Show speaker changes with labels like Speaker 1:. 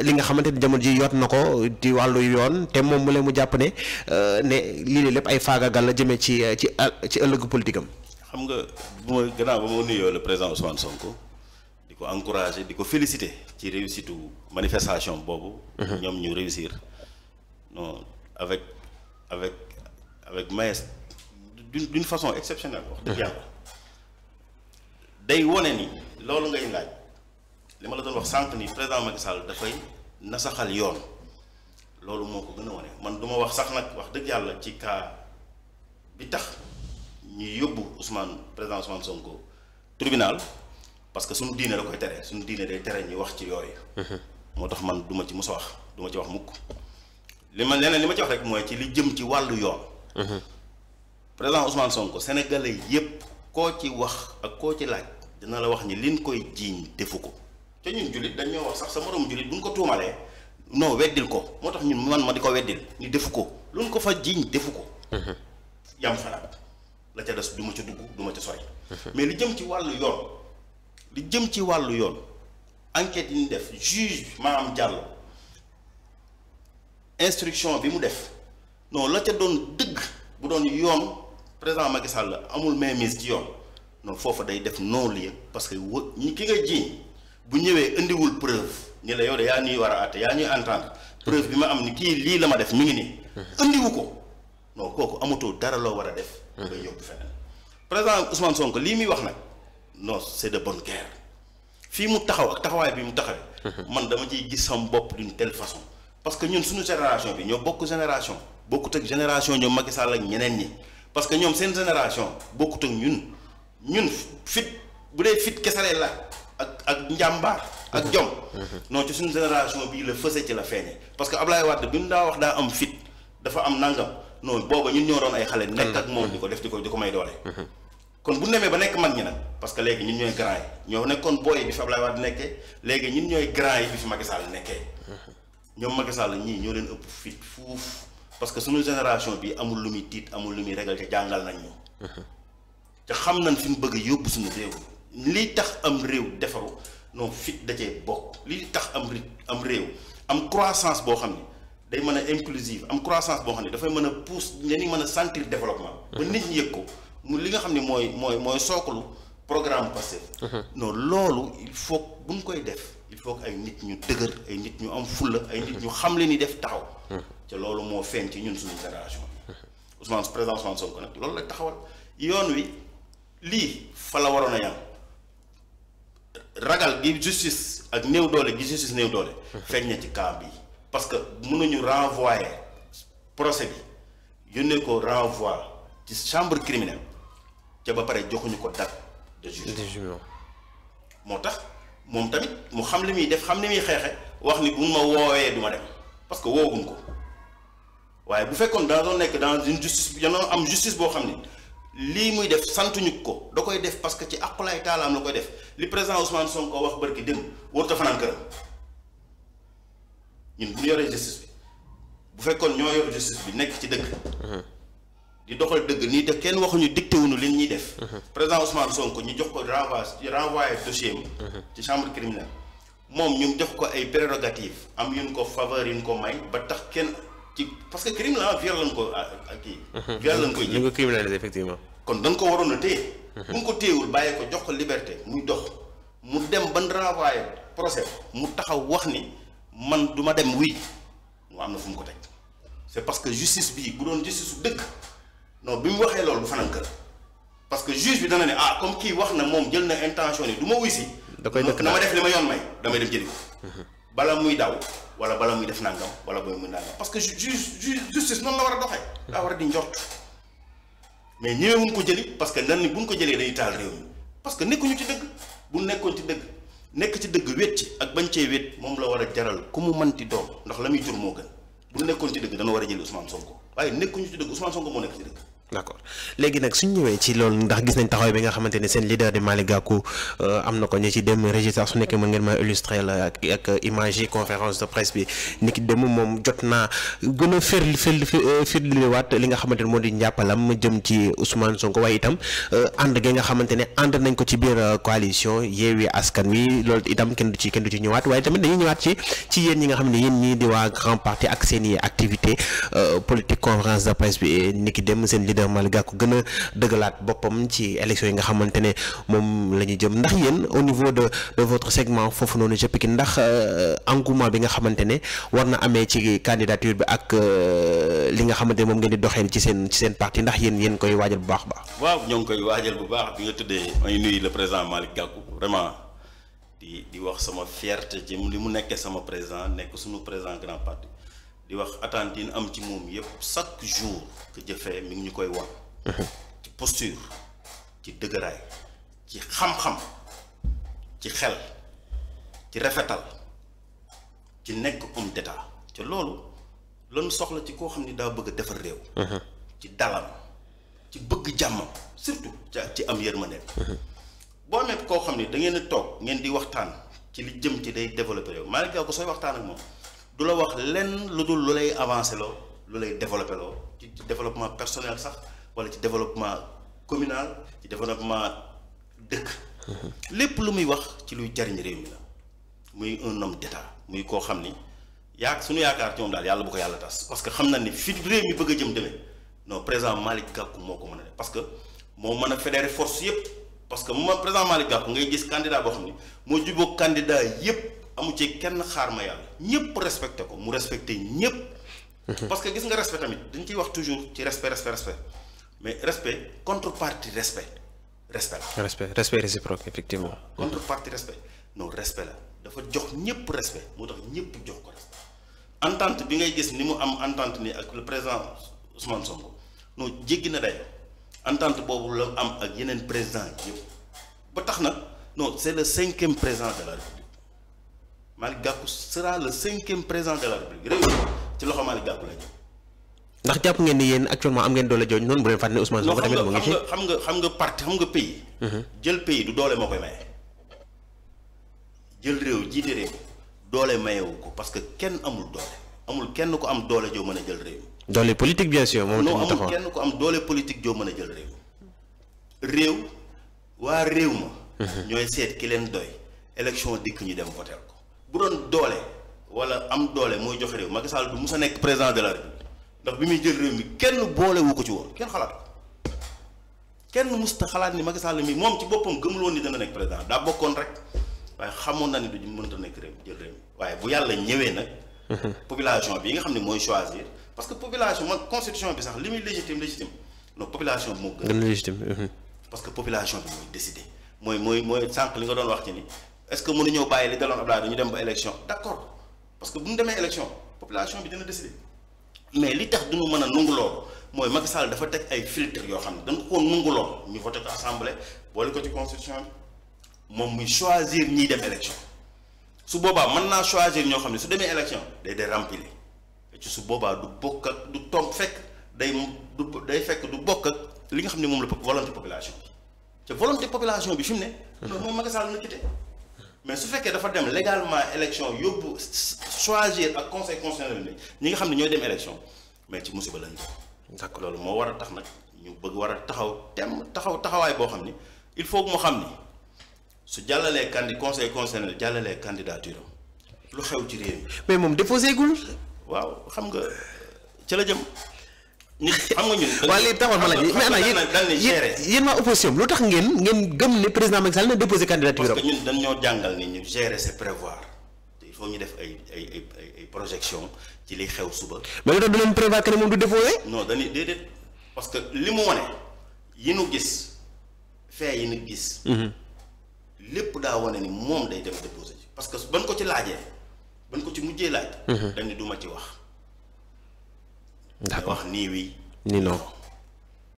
Speaker 1: li nga xamante ni jamono ji yoot na ko di wàllu yoon te moom mu leen mu jàpp ne euh, ne lii de lépp ay faagagal la jëmee ci euh, ci euh, ci ëllëgu politique
Speaker 2: xam nga bu ma gannaaw ba ma nuyoo le président Ousmane Sonko di ko encourager di ko féliciter ci réussite manifestation boobu. Mhm. ñoom ñu réussir non avec avec avec maest d'une façon exceptionnelle wax dëgg mhm. yàlla day wone ni loolu ngay laaj. li ma la doon wax sànq ni président Macky Sall dafay nasaxal yoon loolu moo ko gën a wane man du ma wax sax nag wax dëgg yàlla ci cas bi tax ñuy yóbbu Ousmane président Ousmane Sonko tribunal parce que suñu diinee da koy tere suñu diine day tere ñuy wax ci yooyu. Mhm. moo tax man duma ci mos a wax du ma ci wax mukk li ma leneen li ma ci wax rek mooy ci li jëm ci wàllu yoon. Mhm. président Ousmane Sonko sénégalais yépp koo ci wax ak koo ci laaj dina la wax ni liñ koy jiiñ defu ko. te ñun jullit dañ ñoo wax sax sa moroom jullit bu ñu ko tuumalee non weddil ko moo tax ñun man ma di ko weddil ñu defu ko lu ñu ko fa jiiñ defu ko. Mhm. yam fanaat la ca des du ma ca dugg du ma ca sori. Mhm. mais li jëm ci wàllu yoon li jëm ci wàllu yoon enquête yi ñu def juge maam Diallo instruction bi mu def non la ca doon dëgg bu doon yoon président Macky Sall amul mainmise ci yoon non foofa day def non lieu parce que wo ñi ki nga jiiñ bu ñëwee indiwul preuve ni la yow de yaa ñuy war a àtte yaa ñuy entendre preuve bi ma am ni kii lii la ma def mu ngi nii. indiwu ko non kooku amatoo dara loo war a def. ba yóbbu feneen président Ousmane Sonko lii muy wax nag non c'est de bonne guerre fii mu taxaw ak taxawaay bi mu taxawee. man dama ciy gis sam bopp d'une telle façon parce que ñun suñu génération bi ñoo bokk génération bokkut ak génération ñoom Macky Sall ak ñeneen ñi parce que ñoom seen génération bokkut ñun ñun fit bu dee fit kese la ak ak njàmbaar ak jom mhm. non ci suñu génération bii la fëse ci la feeñe parce que Ablaye Wade bi mu daa wax daa am fit dafa am nangam noonu booba ñun ñoo doon ay xale mhm. nekk ak moom di ko def di ko di ko may doole mhm. kon bu demee ba nekk mag ñi nag parce que léegi ñun ñooy grand yi ñoo nekkoon booy bi fi Ablaye Wade nekkee léegi ñun ñooy grand yi bi fi Macky nekkee ñoom Macky Sall ñii ñoo leen ëpp fit fuuf parce que suñu génération bii amul lu muy tiit amul lu muy régal te jàngal nañ te xam nañ fi mu bëgg yóbbu suñu réew li tax am réew defaru non fit da cee bokk li tax am ri am réew am croissance boo xam ne day mën a inclusive am croissance boo xam ne dafay mën a pousse ñenn mën a sentir développement. Mm-hmm. ba nit ñi yëg ko li nga xam ne mooy mooy mooy sooklu programme passé. Mm-hmm. noonu loolu il faut bu ñu koy def il faut que ay nit ñu dëgër ay nit ñu am fulla ay nit ñu mm-hmm. xam leen ni def taxaw. te loolu moo feeñ ci ñun suñu génération. Ousmane président Ousmane Sonko nag loolu la taxawal yoon wi lii fa waroon a ragal gi justice ak néew doole gi justice néew doole. feeñ na ci camp bi parce que mënuñu renvoyer procès bi yónnee ko renvoi ci chambre criminelle ca ba pare joxuñu ko date de
Speaker 1: jugement
Speaker 2: moo tax moom tamit mu xam li muy def xam li muy xeexe wax ni bu ma woowee du ma dem parce que wooguñ ko waaye bu fekkoon daal doon nekk dans une justice dañoo am justice boo xam ne lii muy def santuñu ko da koy def parce que ci aqulaay taalaam la koy def li président Ousmane Sonko wax bërki dëgg warut a fanaan këram ñun bu ñu yoree justice bi bu fekkoon ñoo yor justice bi nekk ci dëgg. di doxal dëgg nii def kenn waxuñu dicté wuñu li ñuy def. président Ousmane Sonko ñu jox ko renvoyé renvoyé dossier am. ci chambre criminelle moom ñu jox ko ay prérogatives am yuñ ko faveur yuñ ko may ba tax kenn. ci parce que crime la viol lañ ko ah, ah, kii. Mhm. viol lañ koy ji ñu ngi ko criminalisé effectivement. kon danga ko waroon a téye. Mhm. bu ñu ko téyewul bàyyi ko jox ko liberté muy dox mu dem ban renvoyé procès mu taxaw wax ni man duma dem wuy mu am na fu mu ko teg. c' est parce que justice bii bu doon justice su dëkk non bi mu waxee lool du fanaan kër parce que juge bi dana ne ah comme kii wax na moom jël na intention ni du wuy si. da koy dëkk na def li ma yoon may damay bala muy daw wala bala muy def nangam wala booy muy nangam parce que ju justice noonu la war a doxee. daa war a di njort mais ñëwewuñ ko jëli parce que nan bu buñ ko jëlee dañuy taal réew mi parce nekkuñu ci dëgg bu nekkoon ci dëgg nekk ci dëgg wét ci ak bañ cee wét moom la war a jaral ku mu manti doom ndax la muy jur moo gën bu nekkoon ci dëgg dana war a jëli Ousmane Sonko waaye nekkuñu ci dëgg Ousmane Sonko moo nekk ci dëgg.
Speaker 1: d' accord léegi nag suñ ñëwee ci loolu ndax gis nañ taxawaay bi nga xamante ne seen leader di Malick Gakou euh, am na ko ñu ci dem registre su nekkee mën ngeen ma illustré la ak image conférence de presse bi ni ki dem moom jot naa gën a fir fir euh, li nga xamante ne moo di njàppalam jëm ci Ousmane Sonko waaye itam euh, ànd gi nga xamante ne ànd nañ ko ci biir coalition Yewwi Askan Wi loolu itam kenn du ci kenn du ci ñëwaat waaye tamit ci ci yéen ñi nga xam ne yéen ñii i activité politique conférence de presse dem seen leader président Malick Gakou gën a dëggalaat boppam ci élection yi nga xamante ne moom la ñu jëm ndax yéen au niveau de de votre segment foofu noonu je pique ndax euh, engouement bi nga xamante ne war na amee ci candidature bi ak euh, li nga xamante moom ngeen di doxee ci seen ci seen parti ndax yéen yéen koy waajal bu baax baax.
Speaker 2: waaw ñoo ngi koy waajal bu baax bi nga tuddee. may nuyu le président Malick Gakou vraiment. di di wax sama fierté ci li mu nekkee sama président nekk suñu président grand di wax attente am ci moom yëpp chaque jour que jëfee mi ngi ñu koy wan. ci posture ci dëgëraay ci xam-xam ci xel ci rafetal ci nekk homme d'état te loolu lañu soxla ci koo xam ni daa bëgg defar réew. ci dalam ci bëgg jàmmam surtout ci am nekk boo amee koo xam ni da ngeen toog ngeen di waxtaan ci li jëm ci day développé yow maa ngi ko sooy waxtaan ak moom. du la wax lenn lu dul lu lay avancé loo lu lay développé loo ci développement personnel sax wala ci développement communal ci développement dëkk. Mm-hmm. lépp lu muy wax ci luy jariñ réew mi la muy un homme d'état muy koo xam ni yaa suñu yaakaar ci moom daal yàlla bu ko yàlla tas parce que xam na ni fi réew mi bëgg a jëm demee non président Malick Gakou moo ko mën a def parce que moo mën a fédérer force yëpp parce que moom président mali Gakou ngay gis candidat boo xam ni moo jubóog candidat yëpp. amu ci kenn xaar ma yàlla ñëpp respecté ko mu respecté ñëpp. Mhm. parce que gis nga respect tamit dañ ciy wax toujours ci respect respect respect mais respect contrepartie respect respect
Speaker 1: la. respect respect réciproque effectivement.
Speaker 2: contrepartie respect non respect la dafa jox ñëpp respect moo tax ñëpp jox ko respect entente bi ngay gis ni mu am entente ni ak le président Ousmane Sonko non jéggi na day entente boobu la am ak yeneen président yëpp ba tax na non c'est le cinquième président de la République. Malick Gakou sera le cinquième président de la République réew ci loxo Malick Gakou lañu
Speaker 1: ndax jàpp ngeen ni yéen actuellement am ngeen doole jooju noonu bu leen fàtte ne Ousmane Sonko tamit moo ngi
Speaker 2: xam nga xam nga parti xam nga pays. Mhm. jël pays du doole moo koy maye. jël réew jiite réew doole mayewu ko parce que kenn amul doole amul kenn ko am doole joo mën a jël réew.
Speaker 1: doole politique bien sûr moom non amul kenn
Speaker 2: ko am doole politique joo mën a jël réew. réew waa réew ma. Mhm. ki leen doy élection ñu dem votel bu doon doole wala am doole mooy joxe réew Macky Sall du mus a nekk président de la République ndax bi muy jël réew mi kenn boolewu ko ci woon kenn xalaat ko kenn mus ta xalaat ni Macky Sall mi moom ci boppam gëmul loolu ni dana nekk président daa bokkoon rek waaye xamoon na ni du mënta nekk réew jël réew mi waaye bu yàlla ñëwee nag. population bi yi nga xam ne mooy choisir parce que population man constitution bi sax li muy légitime légitime non population moo gën. gën mhm. a population bi mooy décider mooy mooy mooy sànq li nga doon wax ci ni. est-ce que mënuñoo bàyyi li daloon Abdoulaye ñu dem ba élection d'accord parce que bu ñu demee élection population bi dina décider mais li tax du duñu mën a nangu mooy Macky Sall dafa teg ay filtre yoo xam ne dañ ko nangu ñu voté ko assemblée boole ko ci constitution moom muy choisir ñiy dem élection su boobaa mën naa choisir ñoo xam ne su demee élection day day remplir su boobaa du bokk du tomb fekk day du day fekk du bokk ak li nga xam ne moom la volonté population bi te population bi fi mu ne. loolu mhm. moom mais su fekkee dafa dem légalement élection yóbbu choisir ak conseil constitutionnel ni ñi nga xam ne ñooy dem élection mais ci musiba lañ d'accord loolu moo war a tax nag ñu bëgg war a taxaw tem taxaw taxawaay boo xam ni il faut que mu xam ni su jàllalee candi conseil constitutionnel jàllalee candidature am lu xew ci réew mi
Speaker 1: mais moom déposé gul
Speaker 2: waaw xam nga ca la jëm xam nga ñun. waaw léegi taxawal ma laaj mais ana yéen
Speaker 1: yéen waa opposition lu tax ngeen ngeen gëm ne président Macky Sall déposé candidature parce
Speaker 2: que ñoo jàngal ni ñu gérer c'est prévoir ñu def ay ay ay ay projection ci li xew suba. mais lu tax du leen du déposé. non dañuy déedéet parce que li mu wane yi nu gis fee yi nu gis. Mhm. lépp daa wane ni moom day dem déposé parce que bañ ko ci laajee ban ko ci mujjee laaj. Mhm. dañ ni du ma ci wax. D'accord. Ni oui,
Speaker 1: ni non.